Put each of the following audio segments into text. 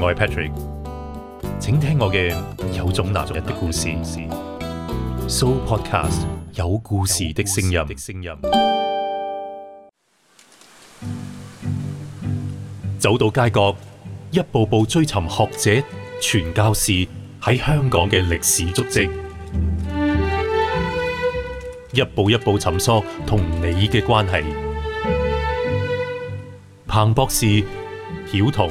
我係 Patrick，請聽我嘅有種男人的故事，So Podcast 有故事的聲音。的聲音走到街角，一步步追尋學者、傳教士喺香港嘅歷史足跡，一步一步尋索同你嘅關係。彭博士，曉彤。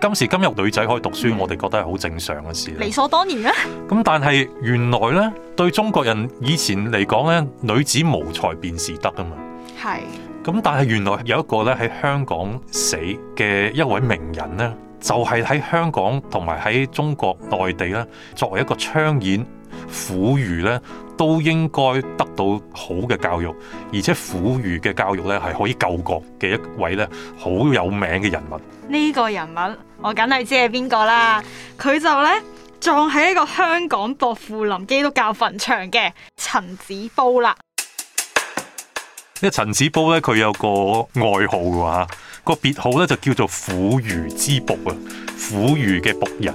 今時今日女仔可以讀書，嗯、我哋覺得係好正常嘅事，理所當然啊！咁、嗯、但係原來咧，對中國人以前嚟講咧，女子無才便是德啊嘛。係是。咁、嗯、但係原來有一個咧喺香港死嘅一位名人呢就係、是、喺香港同埋喺中國內地啦，作為一個槍演。婦孺咧都應該得到好嘅教育，而且婦孺嘅教育咧係可以救國嘅一位咧好有名嘅人、人物。呢個人物我梗係知係邊個啦，佢就咧葬喺一個香港薄扶林基督教墳場嘅陳子褒啦。呢陳子褒咧，佢有個外號啊，個別號咧就叫做婦孺之僕啊，婦孺嘅僕人。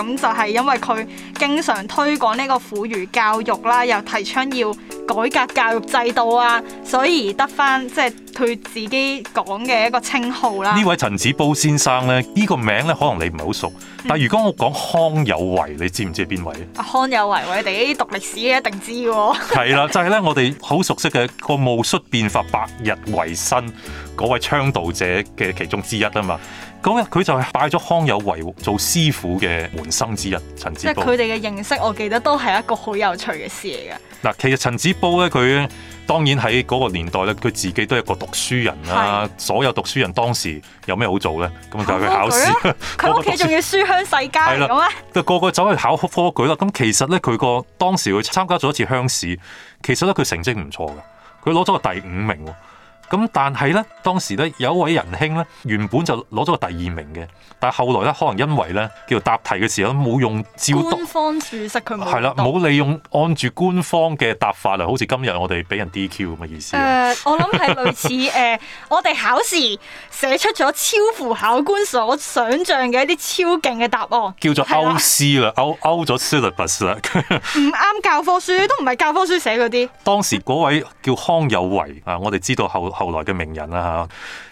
咁就係因為佢經常推廣呢個婦孺教育啦，又提倡要。改革教育制度啊，所以得翻即係佢自己講嘅一個稱號啦、啊。呢位陳子褒先生咧，呢、這個名咧可能你唔係好熟，但係如果我講康有為，你知唔知係邊位？啊？康有為，為，我哋啲讀歷史嘅一定知、哦。係 啦，就係咧，我哋好熟悉嘅個戊戌變法為、百日維新嗰位倡導者嘅其中之一啊嘛。咁啊，佢就係拜咗康有為，為做師傅嘅門生之一。陳子褒即係佢哋嘅認識，我記得都係一個好有趣嘅事嚟嘅嗱，其實陳子煲咧，佢當然喺嗰個年代咧，佢自己都係一個讀書人啦。的所有讀書人當時有咩好做咧？咁就叫佢考試，佢屋企仲要書香世家嚟嘅咩？個 個走去考科舉啦。咁其實咧，佢個當時佢參加咗一次鄉試，其實咧佢成績唔錯嘅，佢攞咗個第五名。咁、嗯、但係咧，當時咧有一位仁兄咧，原本就攞咗個第二名嘅，但係後來咧，可能因為咧叫做答題嘅時候冇用照讀，官方註釋佢冇，係啦，冇利用按住官方嘅答法嚟。好似今日我哋俾人 DQ 咁嘅意思。誒、呃，我諗係類似誒、 呃，我哋考試寫出咗超乎考官所想像嘅一啲超勁嘅答案，叫做歐詩啦，歐歐咗 syllabus。唔啱 教科書，都唔係教科書寫嗰啲。嗯、當時嗰位叫康有為啊，我哋知道後。後來嘅名人啦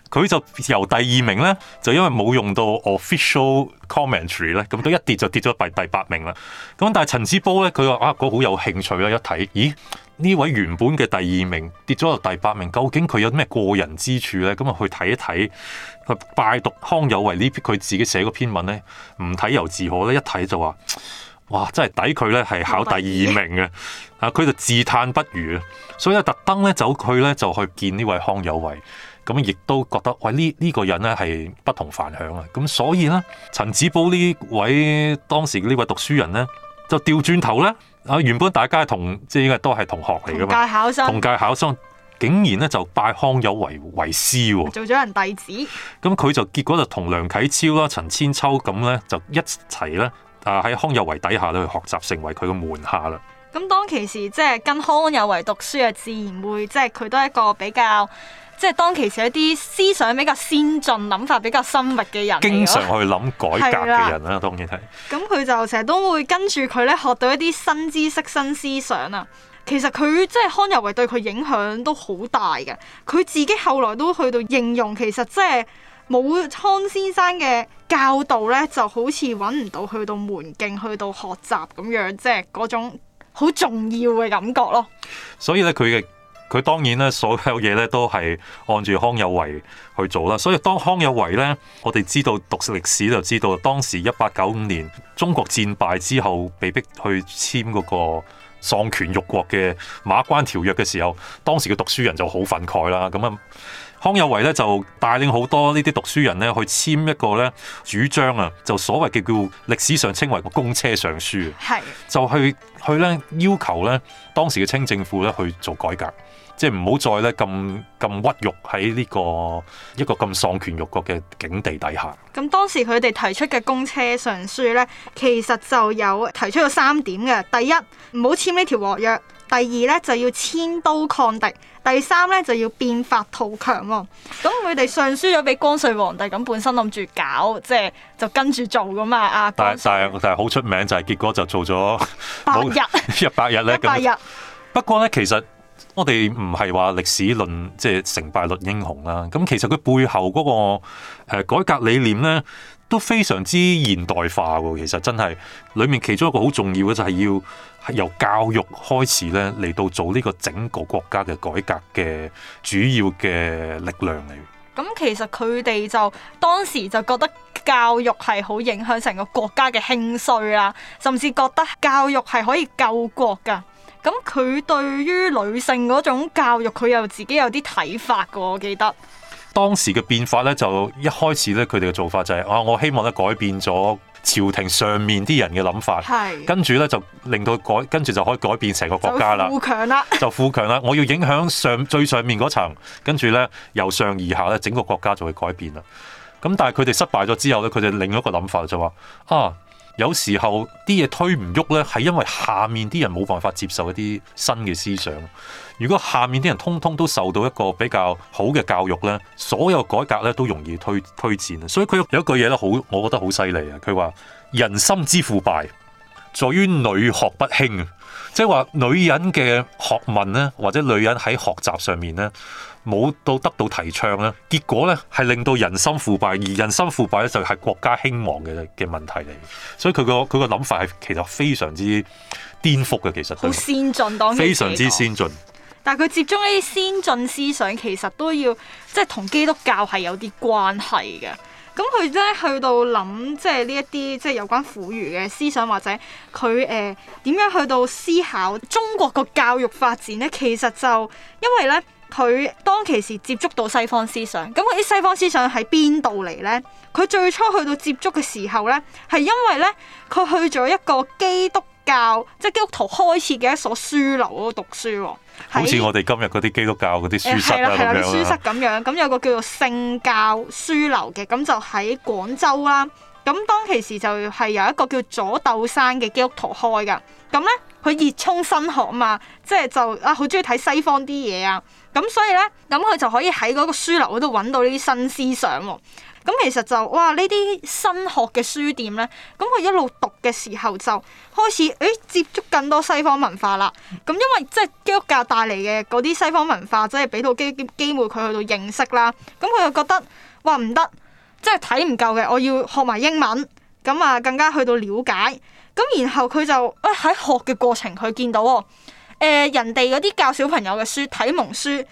嚇，佢、啊、就由第二名咧，就因為冇用到 official commentary 咧，咁都一跌就跌咗第第八名啦。咁但係陳志波咧，佢話啊，嗰、那、好、個、有興趣啊，一睇，咦，呢位原本嘅第二名跌咗到第八名，究竟佢有咩過人之處咧？咁、嗯、啊去睇一睇，拜讀康有為呢佢自己寫嗰篇文咧，唔睇猶自可咧，一睇就話。哇！真係抵佢咧，係考第二名嘅，啊！佢就自嘆不如啊，所以咧特登咧走去咧就去見呢位康有為，咁亦都覺得喂呢呢個人咧係不同凡響啊，咁所以咧陳子褒呢位當時呢位讀書人咧就調轉頭咧啊，原本大家同即係應該都係同學嚟噶嘛，同屆考生，同屆考生竟然咧就拜康有為為師喎，做咗人弟子。咁佢就結果就同梁啟超啦、陳千秋咁咧就一齊咧。啊！喺康有為底下咧去學習，成為佢嘅門下啦。咁當其時，即係跟康有為讀書啊，自然會即係佢都係一個比較，即係當其時一啲思想比較先進、諗法比較深入嘅人。經常去諗改革嘅人啦，了當然係。咁佢就成日都會跟住佢咧，學到一啲新知識、新思想啊。其實佢即係康有為對佢影響都好大嘅。佢自己後來都去到應用，其實即係。冇康先生嘅教導咧，就好似揾唔到去到門徑，去到學習咁樣，即係嗰種好重要嘅感覺咯。所以咧，佢嘅佢當然咧，所有嘢咧都係按住康有為去做啦。所以當康有為咧，我哋知道讀歷史就知道，當時一八九五年中國戰敗之後，被逼去簽嗰個喪權辱國嘅馬關條約嘅時候，當時嘅讀書人就好憤慨啦。咁啊～康有為咧就帶領好多呢啲讀書人咧去簽一個咧主張啊，就所謂嘅叫歷史上稱為個公車上書，係，就去去咧要求咧當時嘅清政府咧去做改革，即係唔好再咧咁咁屈辱喺呢個一個咁喪權辱國嘅境地底下。咁當時佢哋提出嘅公車上書咧，其實就有提出咗三點嘅，第一唔好簽呢條和約。第二咧就要遷都抗敵，第三咧就要變法圖強喎、哦。咁佢哋上書咗俾光緒皇帝，咁本身諗住搞，即係就跟住做噶嘛。啊！但係但係好出名就係、是、結果就做咗百日一百 日咧呢咁。百日不過咧，其實我哋唔係話歷史論即係成敗論英雄啦。咁其實佢背後嗰、那個誒、呃、改革理念咧，都非常之現代化喎，其實真係裏面其中一個好重要嘅就係要由教育開始咧，嚟到做呢個整個國家嘅改革嘅主要嘅力量嚟。咁其實佢哋就當時就覺得教育係好影響成個國家嘅興衰啦，甚至覺得教育係可以救國㗎。咁佢對於女性嗰種教育，佢又自己有啲睇法㗎，我記得。當時嘅變化咧，就一開始咧，佢哋嘅做法就係、是、啊，我希望咧，改變咗朝廷上面啲人嘅諗法，是跟住咧就令到改，跟住就可以改變成個國家啦。就富強啦，就富強啦！我要影響上最上面嗰層，跟住咧由上而下咧，整個國家就會改變啦。咁、嗯、但係佢哋失敗咗之後咧，佢哋另一個諗法就話、是、啊。有時候啲嘢推唔喐呢，係因為下面啲人冇辦法接受一啲新嘅思想。如果下面啲人通通都受到一個比較好嘅教育呢，所有改革呢都容易推推薦。所以佢有一句嘢咧，好我覺得好犀利啊！佢話：人心之腐敗，在於女學不興，即係話女人嘅學問呢，或者女人喺學習上面呢。冇到得到提倡咧，結果咧係令到人心腐敗，而人心腐敗咧就係國家興亡嘅嘅問題嚟。所以佢個佢個諗法係其實非常之顛覆嘅。其實好先進，當非常之先進，但係佢接觸一啲先進思想，其實都要即係同基督教係有啲關係嘅。咁佢係去到諗，即係呢一啲即係有關腐儒嘅思想，或者佢誒點樣去到思考中國個教育發展咧，其實就因為咧。佢當其時接觸到西方思想，咁嗰啲西方思想喺邊度嚟咧？佢最初去到接觸嘅時候咧，係因為咧，佢去咗一個基督教，即係基督徒開設嘅一所書樓嗰度讀書。好似我哋今日嗰啲基督教嗰啲書室啊咁樣。書室咁樣，咁 有個叫做聖教書樓嘅，咁就喺廣州啦。咁當其時就係由一個叫左斗山嘅基督徒開噶。咁咧，佢熱衷新學啊嘛，即係就，是、就啊，好中意睇西方啲嘢啊。咁所以呢，咁佢就可以喺嗰個書樓嗰度揾到呢啲新思想喎，哦。咁其實就哇，呢啲新學嘅書店呢，咁佢一路讀嘅時候就開始誒接觸更多西方文化啦。咁因為即係基督教帶嚟嘅嗰啲西方文化，即係俾到機機會佢去到認識啦。咁佢就覺得哇唔得，即係睇唔夠嘅，我要學埋英文，咁啊更加去到了解。咁然後佢就喺，哎，學嘅過程，佢見到，哦。.誒、呃，人哋嗰啲教小朋友嘅書，啟蒙書，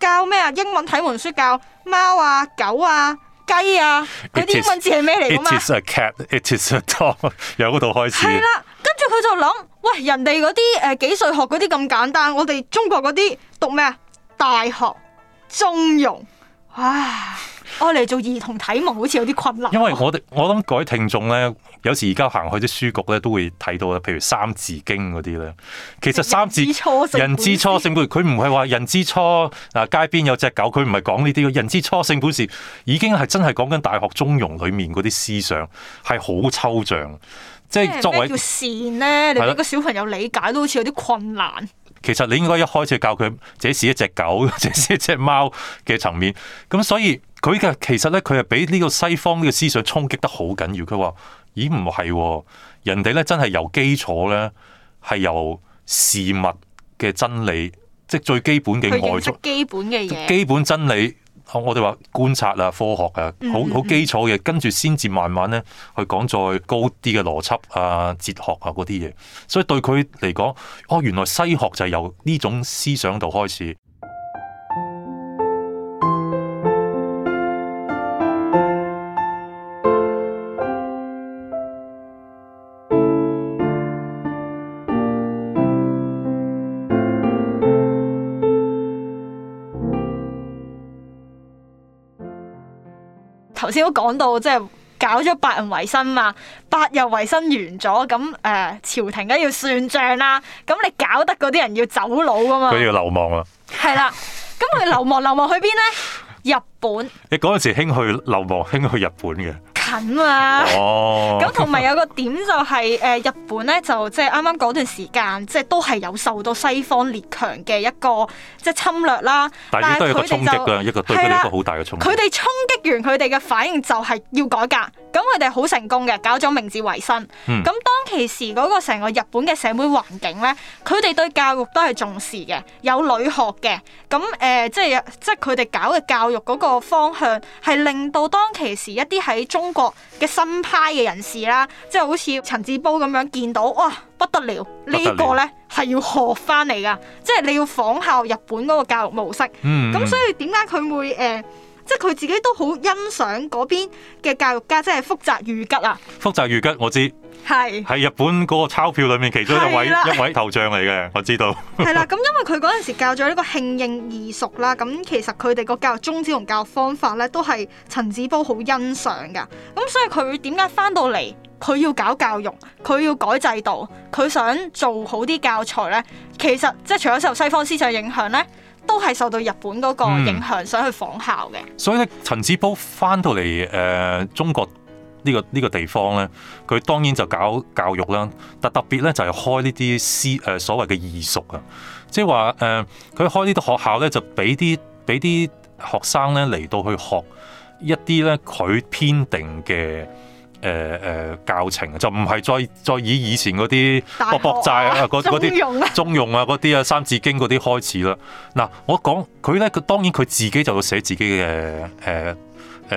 教咩啊？英文啟蒙書教貓啊、狗啊、雞啊，嗰啲英文字係咩嚟噶嘛？It is a cat. It is a dog。由嗰度開始。係啦，跟住佢就諗，喂，人哋嗰啲誒幾歲學嗰啲咁簡單，我哋中國嗰啲讀咩啊？大學中庸，哇！我嚟做兒童啟蒙，好似有啲困難啊。因為我哋我諗各位聽眾咧，有時而家行去啲書局咧，都會睇到啦，譬如《三字經》嗰啲咧。其實《三字人之初性本》，本佢唔係話人之初，人之初啊，街邊有隻狗，佢唔係講呢啲。人之初性本善，已經係真係講緊大學中庸裏面嗰啲思想，係好抽象。即係作為叫善咧，你俾個小朋友理解的都好似有啲困難。其實你應該一開始教佢，這是一隻狗，這是一隻貓嘅層面。咁所以。佢嘅其實咧，佢係俾呢個西方呢個思想衝擊得好緊要。佢話：咦，唔係，人哋咧真係由基礎咧，係由事物嘅真理，即係最基本嘅外在基本嘅嘢。基本真理，我哋話觀察啊、科學啊，好好基礎嘅，跟住先至慢慢咧去講再高啲嘅邏輯啊、哲學啊嗰啲嘢。所以對佢嚟講，哦，原來西學就係由呢種思想度開始。少都講到即係搞咗百日維新嘛，百日維新完咗，咁誒、呃、朝廷梗要算賬啦，咁你搞得嗰啲人要走佬㗎嘛？佢要流亡啊！係 啦，咁佢流亡流亡去邊咧？日本。你嗰陣時興去流亡，興去日本嘅。咁同埋有個點就係、是、誒、呃、日本咧，就即係啱啱嗰段時間，即、就、係、是、都係有受到西方列強嘅一個即係、就是、侵略啦。但係佢哋就係啦，佢哋一個好大嘅衝、衝擊完佢哋嘅反應就係要改革。咁佢哋好成功嘅，搞咗明治維新。咁、嗯、當其時嗰個成個日本嘅社會環境咧，佢哋對教育都係重視嘅，有女學嘅。咁誒，即係即係佢哋搞嘅教育嗰個方向，係令到當其時一啲喺中國嘅新派嘅人士啦，即係好似陳志波咁樣見到，哇，不得了！呢個呢係要學翻嚟㗎，即係你要仿效日本嗰個教育模式。咁、嗯嗯嗯、所以點解佢會誒，即係佢自己都好欣賞嗰邊嘅教育家，即係福澤諭吉啊！福澤諭吉，我知。係，係日本嗰個鈔票裏面其中一位對了 一位頭像嚟嘅，我知道 。係啦，咁因為佢嗰陣時教咗呢個慶應義塾啦，咁其實佢哋個教育宗旨同教育方法咧，都係陳子波好欣賞噶。咁所以佢點解翻到嚟，佢要搞教育，佢要改制度，佢想做好啲教材咧，其實即係除咗受西方思想影響咧，都係受到日本嗰個影響，嗯、想去仿效嘅。所以咧，陳子波翻到嚟誒、呃、中國。呢、這個呢、這個地方呢，佢當然就搞教育啦，特特別呢就，就係開呢啲私誒所謂嘅義塾啊，即係話誒佢開呢啲學校呢，就俾啲俾啲學生呢嚟到去學一啲呢，佢編定嘅誒誒教程就唔係再再以以前嗰啲卜卜齋啊、嗰啲中庸啊、嗰啲些啊《 啊三字經》嗰啲開始啦。嗱、啊，我講佢呢，佢當然佢自己就會寫自己嘅誒。啊啊啊啊啊啊啊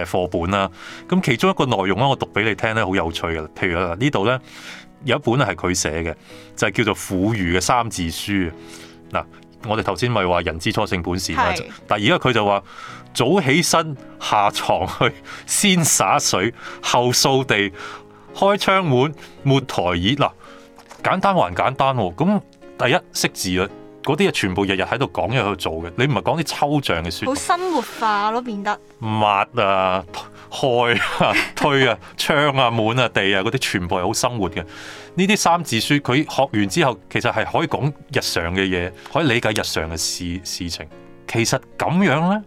誒課本啦，咁其中一個內容咧，我讀俾你聽咧，好有趣嘅。譬如呢度呢，有一本係佢寫嘅，就係、是、叫做《苦語嘅三字書》。嗱，我哋頭先咪話人之初性本善嘛，是但而家佢就話早起身，下床去，先灑水，後掃地，開窗門，抹台熱。嗱，簡單還簡單喎，咁第一識字啦。嗰啲啊，全部日日喺度講，又去做嘅。你唔係講啲抽象嘅書，好生活化咯變得。抹啊、開啊、推啊、 窗啊、門啊、地啊，嗰啲全部係好生活嘅。呢啲三字書佢學完之後，其實係可以講日常嘅嘢，可以理解日常嘅事事情。其實咁樣呢，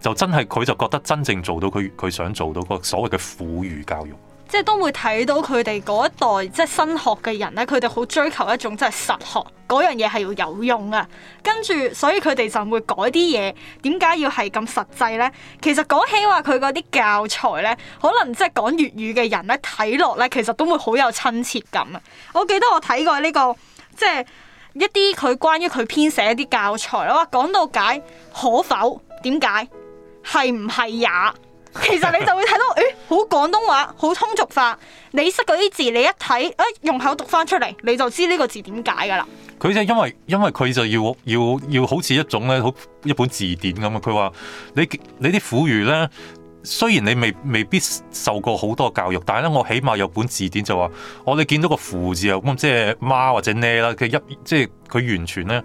就真係佢就覺得真正做到佢佢想做到嗰所謂嘅婦孺教育。即係都會睇到佢哋嗰一代即係新學嘅人咧，佢哋好追求一種即係實學嗰樣嘢係要有用啊。跟住所以佢哋就會改啲嘢。點解要係咁實際咧？其實講起話佢嗰啲教材咧，可能即係講粵語嘅人咧睇落咧，其實都會好有親切感啊。我記得我睇過呢個即係一啲佢關於佢編寫一啲教材啦。講到解可否？點解係唔係也？ 其實你就會睇到，誒，好廣東話，好通俗化。你識嗰啲字，你一睇，誒、啊，用口讀翻出嚟，你就知呢個字點解噶啦。佢就因為，因為佢就要要要好似一種咧，好一本字典咁啊。佢話你你啲婦孺咧，雖然你未未必受過好多教育，但係咧我起碼有本字典就話，我、哦、哋見到個父字啊，咁即係媽或者咩啦，佢一即係佢完全咧。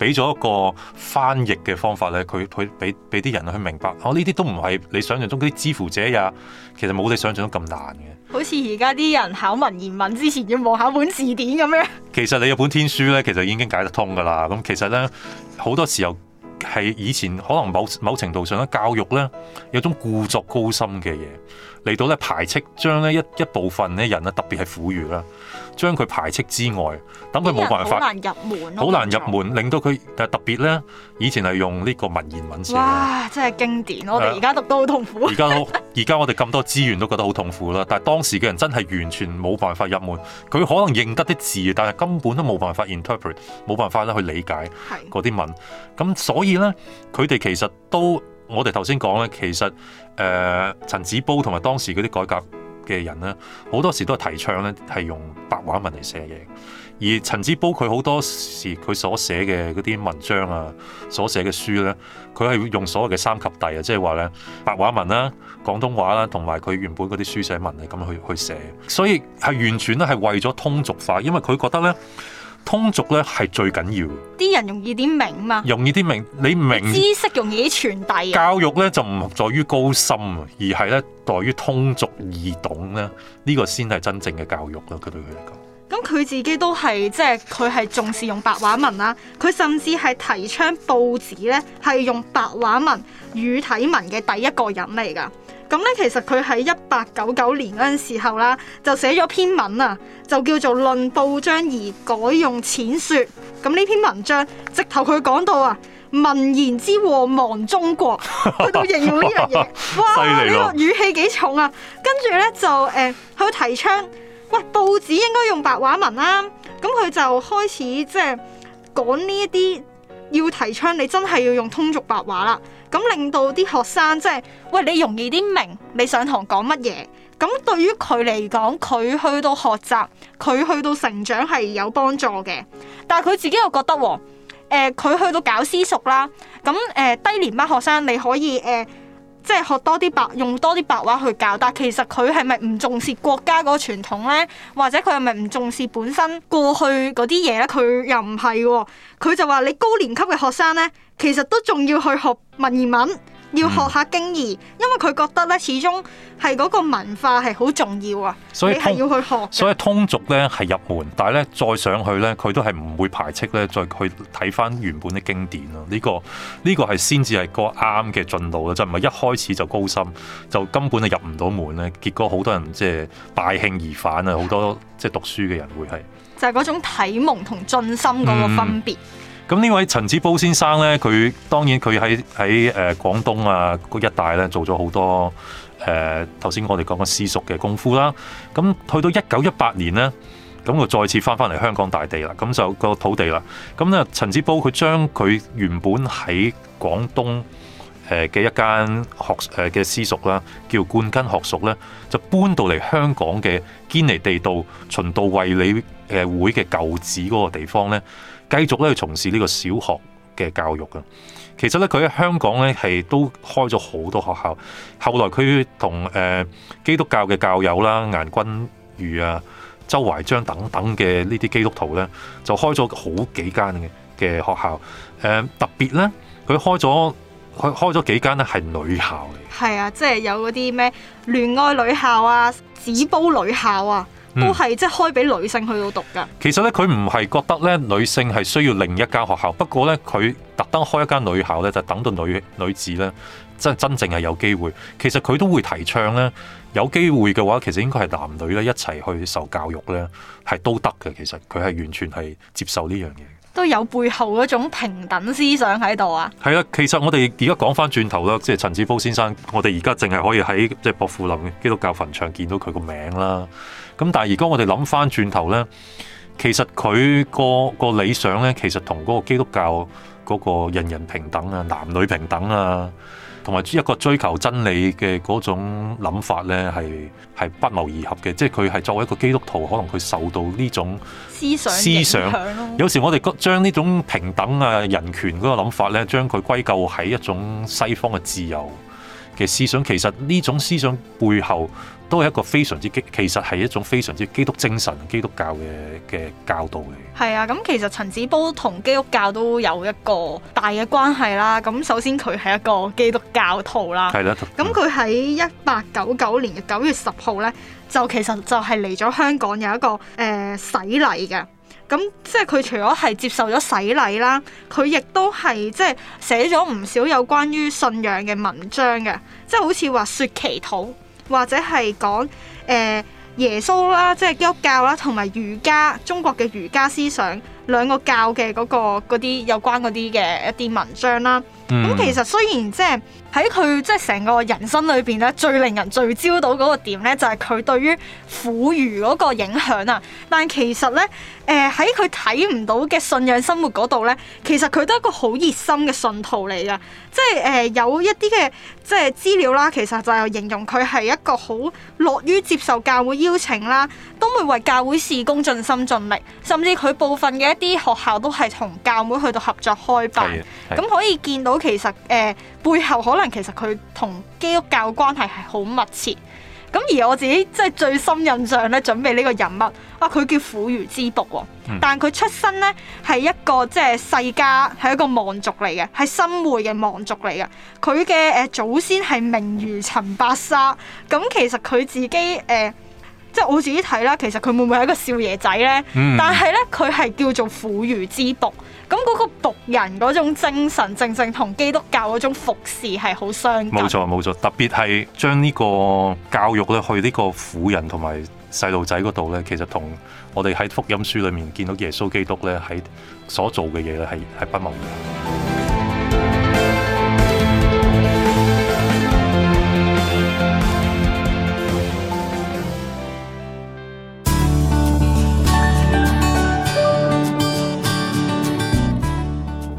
俾咗一個翻譯嘅方法咧，佢佢俾俾啲人去明白，哦呢啲都唔係你想象中啲之乎者呀，其實冇你想象中咁難嘅。好似而家啲人考文言文之前要望下本字典咁樣。其實你有本天書咧，其實已經解得通噶啦。咁、嗯、其實咧好多時候係以前可能某某程度上咧教育咧有種故作高深嘅嘢，嚟到咧排斥，將咧一一部分咧人啊，特別係苦儒啦，將佢排斥之外，等佢冇辦法，好難入門，好難入門，令到佢但係特別咧，以前係用呢個文言文寫嘅。哇！真係經典，我哋而家讀都好痛苦。而家好，而家我哋咁多資源都覺得好痛苦啦。但係當時嘅人真係完全冇辦法入門，佢可能認得啲字，但係根本都冇辦法 interpret，冇辦法咧去理解嗰啲文。咁是所以咧，佢哋其實都。我哋頭先講咧，其實誒、呃、陳子褒同埋當時嗰啲改革嘅人咧，好多時都係提倡咧，係用白話文嚟寫嘢。而陳子褒佢好多時佢所寫嘅嗰啲文章啊，所寫嘅書咧，佢係用所謂嘅三及第啊，即係話咧白話文啦、啊、廣東話啦、啊，同埋佢原本嗰啲書寫文嚟噉樣去去寫。所以係完全咧係為咗通俗化，因為佢覺得咧。通俗咧係最緊要，啲人容易啲明嘛，容易啲明，你唔明，知識容易啲傳遞啊。教育咧就唔在於高深，而係咧在於通俗易懂咧，呢個先係真正嘅教育咯。佢對佢嚟講，咁佢自己都係即係佢係重視用白話文啦，佢甚至係提倡報紙咧係用白話文語體文嘅第一個人嚟噶。咁咧，其實佢喺一八九九年嗰陣時候啦，就寫咗篇文啊，就叫做《論報章宜改用淺說》。咁呢篇文章，直頭佢講到啊，文言之禍亡中國，佢都形容呢樣嘢， 哇！呢、這個語氣幾重啊？跟住咧就誒，佢、呃、提倡喂報紙應該用白話文啦、啊。咁佢就開始即係、就是、講呢一啲要提倡，你真係要用通俗白話啦。咁令到啲學生即係，喂你容易啲明，你上堂講乜嘢？咁對於佢嚟講，佢去到學習，佢去到成長係有幫助嘅。但係佢自己又覺得喎，佢、呃、去到搞私塾啦，咁誒、呃、低年班學生你可以誒。呃即係學多啲白用多啲白話去教，但其實佢係咪唔重視國家嗰個傳統咧？或者佢係咪唔重視本身過去嗰啲嘢咧？佢又唔係喎，佢就話你高年級嘅學生咧，其實都仲要去學文言文。要學下經義，因為佢覺得咧，始終係嗰個文化係好重要啊。所以係要去學，所以通俗咧係入門，但係咧再上去咧，佢都係唔會排斥咧，再去睇翻原本嘅經典咯。呢個呢個係先至係個啱嘅進度啦，就唔係一開始就高深，就根本就入唔到門咧。結果好多人即係敗興而返啊，好多即係讀書嘅人會係，就係嗰種體蒙同進心嗰個分別。嗯咁呢位陳子褒先生呢，佢當然佢喺喺誒廣東啊嗰一帶呢，做咗好多誒頭先我哋講嘅私塾嘅功夫啦。咁去到一九一八年呢，咁佢再次翻翻嚟香港大地啦，咁就、嗰個土地啦。咁呢，陳子褒佢將佢原本喺廣東誒嘅、呃、一間學誒嘅、呃、私塾啦，叫灌根學塾呢，就搬到嚟香港嘅堅尼地道循道衛理誒會嘅舊址嗰個地方呢。繼續咧去從事呢個小學嘅教育啊！其實咧，佢喺香港咧係都開咗好多學校。後來佢同誒基督教嘅教友啦，顏君如啊、周懷章等等嘅呢啲基督徒咧，就開咗好幾間嘅學校。誒、呃、特別咧，佢開咗開開咗幾間咧係女校嚟。係啊，即係有嗰啲咩戀愛女校啊、紙煲女校啊。都係即係開俾女性去到讀㗎、嗯。其實咧，佢唔係覺得咧女性係需要另一間學校，不過咧佢特登開一間女校咧，就是、等到女女子咧真係真正係有機會。其實佢都會提倡咧，有機會嘅話，其實應該係男女咧一齊去受教育咧，係都得嘅。其實佢係完全係接受呢樣嘢，都有背後嗰種平等思想喺度啊。係啊，其實我哋而家講翻轉頭啦。即係陳志夫先生，我哋而家淨係可以喺即係薄扶林基督教墳場見到佢個名啦。咁、嗯、但係而家我哋諗翻轉頭咧，其實，佢個個理想咧，其實同嗰個基督教嗰個人人平等啊、男女平等啊，同埋一個追求真理嘅嗰種諗法咧，係係不謀而合嘅。即係佢係作為一個基督徒，可能佢受到呢種思想，思想影響咯。有時，我哋將呢種平等啊、人權嗰個諗法咧，將佢歸咎喺一種西方嘅自由嘅思想，其實呢種思想背後。都係一個非常之基，其實係一種非常之基督精神、基督教嘅嘅教導嚟。係啊，咁、嗯、其實陳子波同基督教都有一個大嘅關係啦。咁首先佢係一個基督教徒啦。係啦、啊。咁佢喺一八九九年嘅九月十號呢，就其實就係嚟咗香港有一個誒、呃、洗禮嘅。咁即係佢除咗係接受咗洗禮啦，佢亦都係即係寫咗唔少有關於信仰嘅文章嘅，即係好似話説祈禱。或者係講誒、呃、耶穌啦，即係基督教啦，同埋儒家中國嘅儒家思想兩個教嘅嗰個嗰啲有關嗰啲嘅一啲文章啦。咁、嗯、其實雖然即係。喺佢即係成個人生裏邊咧，最令人聚焦到嗰個點咧，就係、是、佢對於婦孺嗰個影響啊！但其實咧，誒喺佢睇唔到嘅信仰生活嗰度咧，其實佢都係一個好熱心嘅信徒嚟噶，即係誒、呃，有一啲嘅即係資料啦，其實就係形容佢係一個好樂於接受教會邀請啦，都會為教會事工盡心盡力，甚至佢部分嘅一啲學校都係同教會去到合作開辦，咁可以見到其實誒、呃、背後可能。可能其實佢同基督教關係係好密切，咁而我自己即係最深印象咧，準備呢個人物，啊，佢叫苦如之木喎，哦，但佢出身咧係一個即係世家，係一個望族嚟嘅，係新會嘅望族嚟嘅，佢嘅誒祖先係名如陳白沙，咁其實佢自己誒。呃即係我自己睇啦，其實佢會唔會係一個少爺仔呢？嗯、但係呢，佢係叫做婦孺之僕，咁嗰個僕人嗰種精神，正正同基督教嗰種服侍係好相。冇錯冇錯，特別係將呢個教育咧，去個婦呢個婦人同埋細路仔嗰度呢，其實同我哋喺福音書裏面見到耶穌基督呢，喺所做嘅嘢咧，係係不謀而合。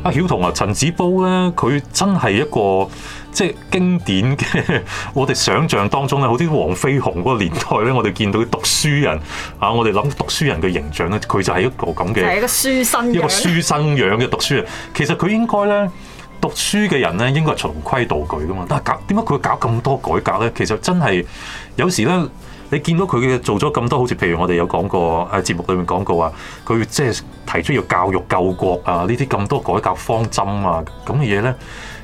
阿曉彤啊，陳子煲咧，佢真係一個即係經典嘅，我哋想象當中咧，好似黃飛鴻嗰個年代咧，我哋見到啲讀書人啊，我哋諗讀書人嘅形象咧，佢就係一個咁嘅，係一個書生，一個書生樣嘅讀書人。其實佢應該咧，讀書嘅人咧，應該係循規蹈矩噶嘛。但係搞點解佢會搞咁多改革咧？其實真係有時咧。你見到佢做咗咁多，好似譬如我哋有講過啊，節目裏面講過話，佢即係提出要教育救國啊，呢啲咁多改革方針啊，咁嘅嘢咧，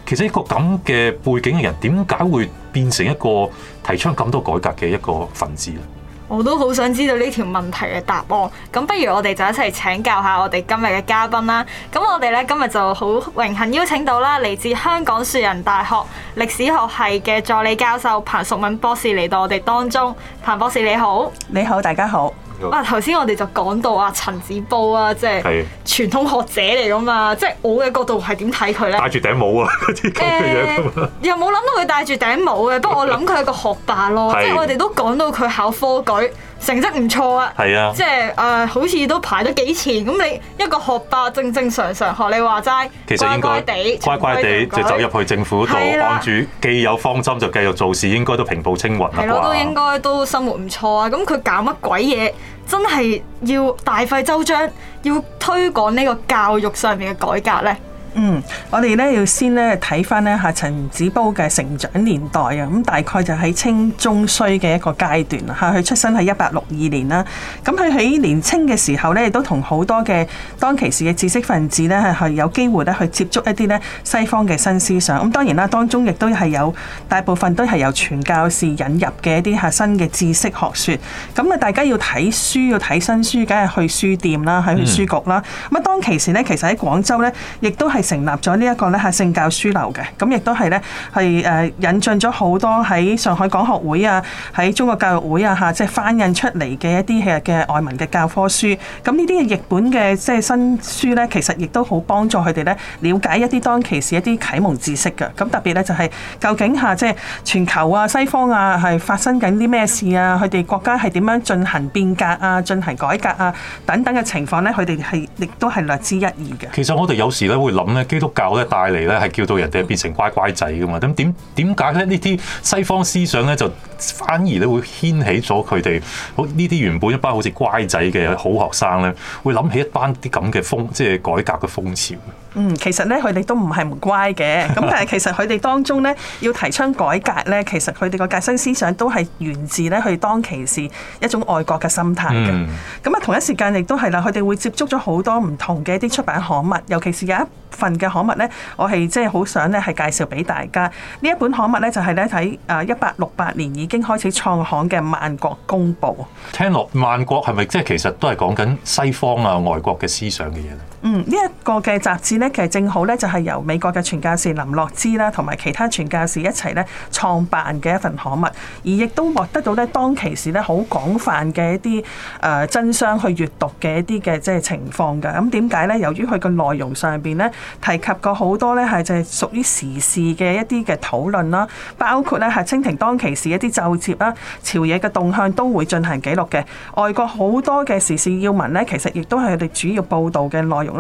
其實一個咁嘅背景嘅人，點解會變成一個提倡咁多改革嘅一個分子咧？我都好想知道呢條問題嘅答案，咁不如我哋就一齊請教下我哋今日嘅嘉賓啦。咁我哋呢，今日就好榮幸邀請到啦，嚟自香港樹人大學歷史學系嘅助理教授彭淑敏博士嚟到我哋當中。彭博士，你好，你好，大家好。哇！頭先、啊、我哋就講到啊，陳子布啊，即係傳統學者嚟噶嘛，的即係我嘅角度係點睇佢咧？戴住頂帽啊！誒、 呃， 又冇諗到佢戴住頂帽嘅，不過 我諗佢係個學霸咯，的即係我哋都講到佢考科舉。成績唔錯啊，係啊，即係誒、呃，好似都排咗幾前。咁你一個學霸，正正常常，學你話齋，其實應該乖乖地，乖乖地就、就走入去政府度幫住，啊、既有方針就繼續做事，應該都平步青雲。啦啩、啊。都應該都生活唔錯啊。咁佢搞乜鬼嘢？真係要大費周章，要推廣呢個教育上面嘅改革呢。嗯，我哋咧要先咧睇翻咧吓陳子褒嘅成長年代啊，咁、嗯、大概就喺清中衰嘅一個階段吓，佢、嗯、出生喺一八六二年啦，咁佢喺年青嘅時候咧，亦都同好多嘅當其時嘅知識分子咧係有機會咧去接觸一啲咧西方嘅新思想。咁、嗯、當然啦，當中亦都係有大部分都係由傳教士引入嘅一啲吓新嘅知識學說，咁、嗯、啊，大家要睇書要睇新書梗係去書店啦，去書局啦。咁啊、嗯，當其時咧，其實喺廣州咧，亦都係。成立咗呢一個咧，係聖教書樓嘅，咁亦都係咧係誒引進咗好多喺上海講學會啊，喺中國教育會啊嚇，即係翻印出嚟嘅一啲嘅外文嘅教科書。咁呢啲嘅日本嘅即係新書咧，其實亦都好幫助佢哋咧了解一啲當其時一啲啟蒙知識嘅。咁特別咧就係究竟嚇即係全球啊、西方啊係發生緊啲咩事啊？佢哋國家係點樣進行變革啊、進行改革啊等等嘅情況咧？佢哋係亦都係略知一二嘅。其實我哋有時咧會諗。基督教咧帶嚟咧係叫到人哋變成乖乖仔㗎嘛，咁點點解咧呢啲西方思想咧就反而咧會掀起咗佢哋好呢啲原本一班好似乖仔嘅好學生咧，會諗起一班啲咁嘅風，即係改革嘅風潮？嗯，其實咧，佢哋都唔係唔乖嘅，咁但係其實佢哋當中咧要提倡改革咧，其實佢哋個革新思想都係源自咧佢當其時一種愛國嘅心態嘅。咁啊、嗯嗯，同一時間亦都係啦，佢哋會接觸咗好多唔同嘅一啲出版刊物，尤其是有一份嘅刊物咧，我係即係好想咧係介紹俾大家呢一本刊物咧，就係咧喺誒一八六八年已經開始創刊嘅《萬國公報》。聽落萬國係咪即係其實都係講緊西方啊、外國嘅思想嘅嘢咧？嗯，呢一個嘅雜誌呢，其實正好呢，就係由美國嘅傳教士林樂知啦，同埋其他傳教士一齊呢創辦嘅一份刊物，而亦都獲得到呢，當其時呢，好廣泛嘅一啲誒真相去閲讀嘅一啲嘅即係情況㗎。咁點解呢？由於佢嘅內容上邊呢，提及過好多呢，係就係屬於時事嘅一啲嘅討論啦，包括呢，係清廷當其時一啲奏摺啦、朝野嘅動向都會進行記錄嘅。外國好多嘅時事要聞呢，其實亦都係佢哋主要報道嘅內容。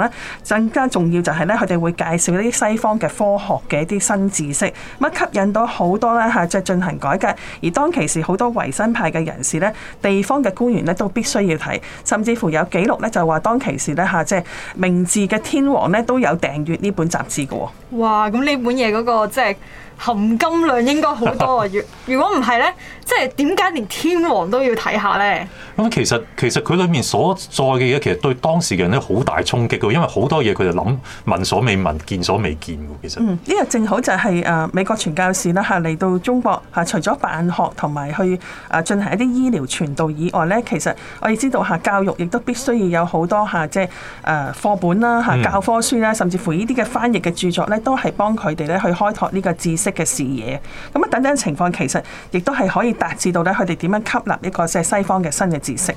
更加重要就係咧，佢哋會介紹啲西方嘅科學嘅一啲新知識，咁吸引到好多咧嚇，即係進行改革。而當其時，好多維新派嘅人士咧，地方嘅官員咧都必須要睇，甚至乎有記錄咧就話，當其時咧嚇，即係明治嘅天皇咧都有訂閱呢本雜誌㗎喎。哇！咁呢本嘢嗰、嗰個即係。含金量應該好多啊！如果唔係呢，即係點解連天王都要睇下呢？咁其實其實佢裡面所載嘅嘢，其實對當時嘅人咧好大衝擊嘅，因為好多嘢佢就諗聞所未聞、見所未見嘅。其實呢、嗯呢個正好就係誒美國傳教士咧嚇嚟到中國嚇、啊，除咗辦學同埋去誒進行一啲醫療傳道以外呢，其實我哋知道嚇、啊、教育亦都必須要有好多嚇即係誒課本啦嚇、啊、教科書啦、啊，甚至乎呢啲嘅翻譯嘅著作呢、啊，都係幫佢哋咧去開拓呢個知識嘅視野，咁啊等等情況，其實亦都係可以達致到咧，佢哋點樣吸納呢個即係西方嘅新嘅知識。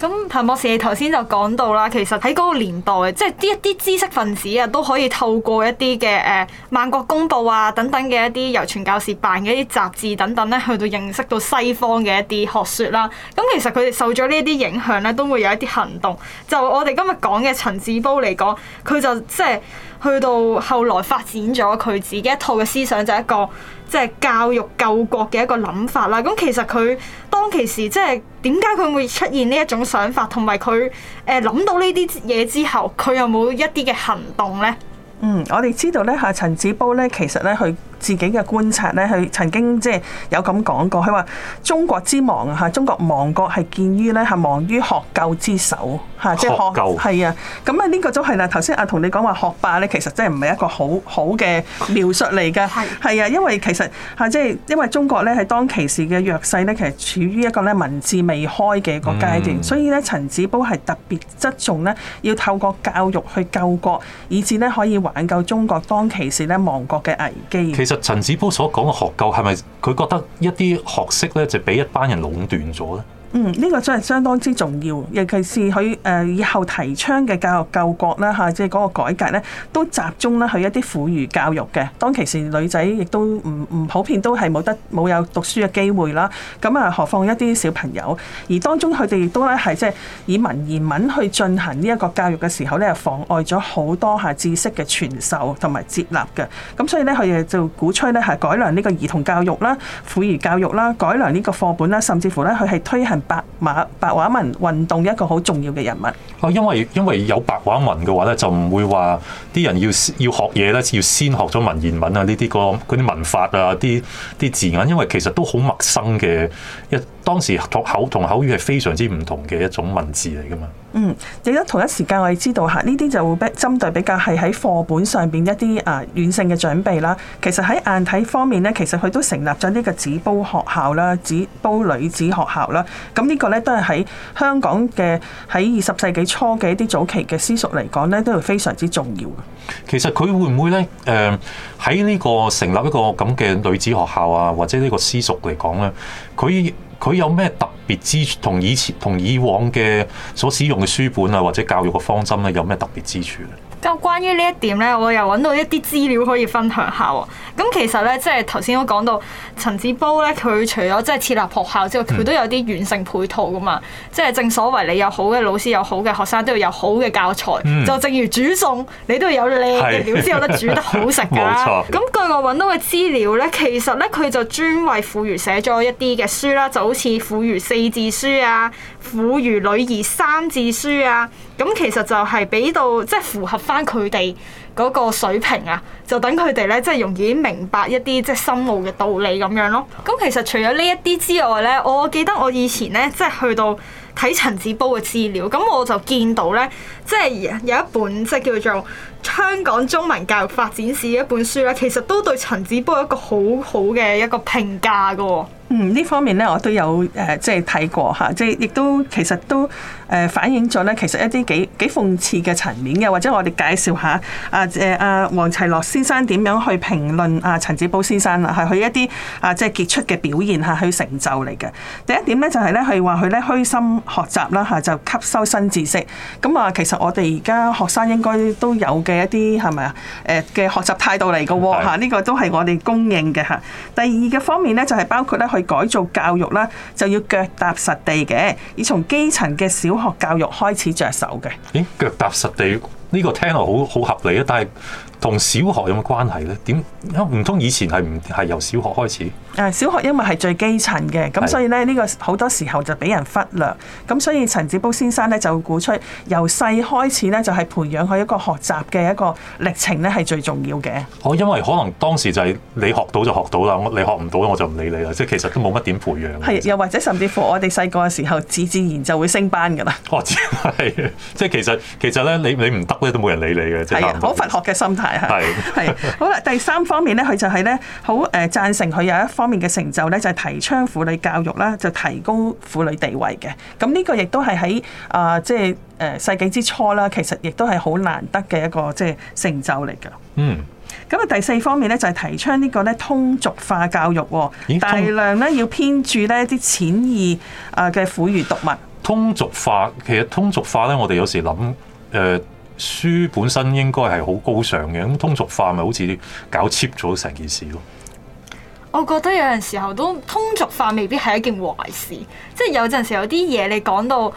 咁彭博士，你頭先就講到啦，其實喺嗰個年代，即係一啲知識分子啊，都可以透過一啲嘅誒《萬國公報》啊等等嘅一啲由傳教士辦嘅一啲雜誌等等咧，去到認識到西方嘅一啲學說啦。咁、嗯、其實佢哋受咗呢一啲影響咧，都會有一啲行動。就我哋今日講嘅陳子褒嚟講，佢就即係。去到後來發展咗佢自己一套嘅思想，就是、一個即係教育救國嘅一個諗法啦。咁其實佢當其時即係點解佢會出現呢一種想法，同埋佢誒諗到呢啲嘢之後，佢有冇一啲嘅行動呢？嗯，我哋知道咧，係陳子褒咧，其實咧佢。自己嘅觀察呢，佢曾經即係有咁講過，佢話中國之亡啊，中國亡國係建於呢，係亡於學究之手嚇，究即係學究係啊。咁啊呢個都係啦。頭先啊同你講話學霸呢，其實真係唔係一個好好嘅描述嚟嘅。係 啊，因為其實嚇，即係因為中國呢，係當其時嘅弱勢呢，其實處於一個呢文字未開嘅個階段，嗯、所以呢，陳子煲係特別側重呢，要透過教育去救國，以至呢可以挽救中國當其時呢亡國嘅危機。陳子波所講嘅學究係咪，佢覺得一啲學識咧就俾一班人壟斷咗咧？嗯，呢、這個真係相當之重要，尤其是佢誒、呃、以後提倡嘅教育救國啦。嚇、啊，即係嗰個改革咧，都集中咧去一啲婦孺教育嘅。當其時女仔亦都唔唔普遍都係冇得冇有讀書嘅機會啦。咁啊，何況一啲小朋友，而當中佢哋亦都咧係即係以文言文去進行呢一個教育嘅時候咧，妨礙咗好多下知識嘅傳授同埋接納嘅。咁、啊、所以咧，佢哋就鼓吹咧係改良呢個兒童教育啦、婦孺教育啦、改良呢個課本啦，甚至乎咧佢係推行。白馬白話文運動一個好重要嘅人物。啊，因為因為有白話文嘅話咧，就唔會話啲人要要學嘢咧要先學咗文言文啊，呢啲個嗰啲文法啊，啲啲字眼，因為其實都好陌生嘅。當時口同口語係非常之唔同嘅一種文字嚟噶嘛。嗯，亦都同一時間，我哋知道嚇，呢啲就會比針對比較係喺課本上邊一啲啊軟性嘅準備啦。其實喺硬體方面咧，其實佢都成立咗呢個子褒學校啦、子褒女子學校啦。咁呢個咧都係喺香港嘅喺二十世紀初嘅一啲早期嘅私塾嚟講咧，都係非常之重要嘅。其實佢會唔會咧？誒、呃，喺呢個成立一個咁嘅女子學校啊，或者呢個私塾嚟講咧，佢？佢有咩特別之處，同以前同以往嘅所使用嘅書本啊，或者教育嘅方針咧、啊，有咩特別之處呢？咁關於呢一點呢，我又揾到一啲資料可以分享下喎。咁其實呢，即係頭先我講到陳子褒呢，佢除咗即係設立學校之外，佢、嗯、都有啲完成配套噶嘛。即係正所謂你有好嘅老師，有好嘅學生，都要有好嘅教材。嗯、就正如煮餸，你都要有靚嘅料，先有得煮得好食㗎。咁 錯據我揾到嘅資料呢，其實呢，佢就專為婦孺寫咗一啲嘅書啦，就好似《婦孺四字書》啊。婦孺女兒三字書啊！咁其實就係俾到即係、就是、符合翻佢哋嗰個水平啊，就等佢哋咧即係容易明白一啲即係深奧嘅道理咁樣咯。咁其實除咗呢一啲之外咧，我記得我以前咧即係去到睇陳子褒嘅資料，咁我就見到咧。即係有一本即係叫做《香港中文教育發展史》嘅一本書啦，其實都對陳子波有一個好好嘅一個評價嘅、哦。嗯，呢方面咧，我都有誒即係睇過嚇，即係亦都其實都誒、呃、反映咗咧，其實一啲幾幾諷刺嘅層面嘅，或者我哋介紹下啊誒阿黃齊樂先生點樣去評論啊陳子波先生啦，係、啊、佢一啲啊即係傑出嘅表現嚇，去成就嚟嘅。第一點咧就係咧，佢話佢咧虛心學習啦嚇、啊，就吸收新知識。咁啊，其實。我哋而家學生應該都有嘅一啲係咪啊？誒嘅、呃、學習態度嚟嘅喎，呢個都係我哋公認嘅嚇。第二個方面咧，就係、是、包括咧去改造教育啦，就要腳踏實地嘅，要從基層嘅小學教育開始着手嘅。咦、欸，腳踏實地呢、這個聽落好好合理啊，但係。同小學有冇關係呢？點唔通以前係唔係由小學開始？誒、啊，小學因為係最基層嘅，咁所以咧呢是的 個好多時候就俾人忽略。咁所以陳子褒先生咧就鼓吹由細開始咧，就係、是、培養佢一個學習嘅一個歷程咧係最重要嘅。哦，因為可能當時就係你學到就學到啦，你學唔到我就唔理你啦，即係其實都冇乜點培養。係又或者甚至乎我哋細個嘅時候自自然就會升班㗎啦。哦，係即係其實其實咧你你唔得咧都冇人理你嘅，即係好佛學嘅心態。係係 好啦，第三方面咧，佢就係咧好誒贊成佢有一方面嘅成就咧，就係、是、提倡婦女教育啦，就提高婦女地位嘅。咁呢個亦都係喺啊，即係誒世紀之初啦，其實亦都係好難得嘅一個即係、就是、成就嚟㗎。嗯。咁啊，第四方面咧就係、是、提倡個呢個咧通俗化教育，咦通大量咧要編注呢啲淺意啊嘅婦孺讀物。通俗化其實通俗化咧，我哋有時諗誒。呃呃書本身應該係好高尚嘅，咁通俗化咪好似搞 cheap 咗成件事咯。我覺得有陣時候都通俗化未必係一件壞事，即係有陣時有啲嘢你講到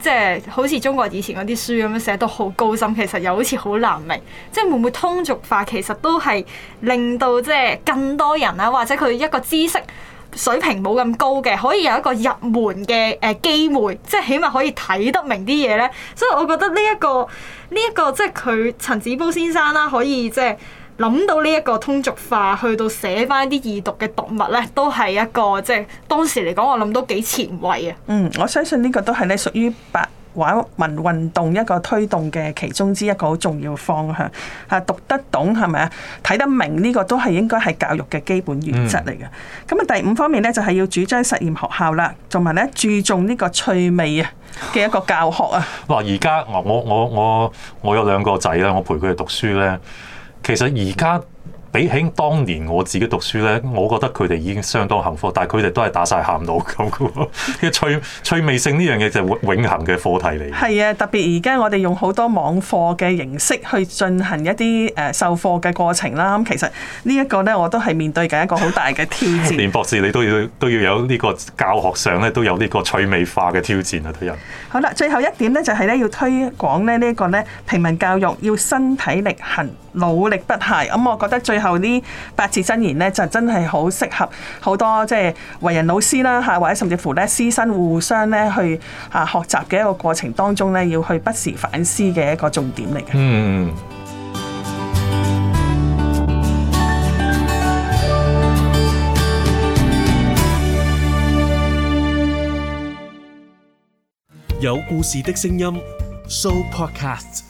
即係好似中國以前嗰啲書咁樣寫到好高深，其實又好似好難明。即係會唔會通俗化其實都係令到即係更多人啦，或者佢一個知識水平冇咁高嘅，可以有一個入門嘅誒機會，即係起碼可以睇得明啲嘢咧。所以我覺得呢、這、一個呢一、這個即係佢陳子褒先生啦，可以即係諗到呢一個通俗化，去到寫翻啲易讀嘅讀物咧，都係一個即、就、係、是、當時嚟講我，我諗都幾前衞啊！嗯，我相信呢個都係你屬於白。話文運動一個推動嘅其中之一個好重要方向嚇，讀得懂係咪啊？睇得明呢個都係應該係教育嘅基本原則嚟嘅。咁啊、嗯，第五方面咧就係、是、要主張實驗學校啦，同埋咧注重呢個趣味啊嘅一個教學啊。哇！而家我我我我有兩個仔啦，我陪佢哋讀書咧，其實而家。比起當年我自己讀書咧，我覺得佢哋已經相當幸福，但係佢哋都係打晒喊勞咁嘅，趣趣味性呢樣嘢就係永恆嘅課題嚟。係啊，特別而家我哋用好多網課嘅形式去進行一啲誒授課嘅過程啦。咁、嗯、其實呢一個咧，我都係面對緊一個好大嘅挑戰。 連博士，你都要都要有呢個教學上咧都有呢個趣味化嘅挑戰啊，都有。好啦，最後一點咧就係、是、咧要推廣呢呢個咧平民教育要身體力行。努力不懈，咁、嗯、我覺得最後呢八字真言呢，就真係好適合好多即係、就是、為人老師啦，嚇或者甚至乎咧師生互相咧去嚇、啊、學習嘅一個過程當中咧，要去不時反思嘅一個重點嚟嘅。嗯。有故事的聲音樂 Show Podcast。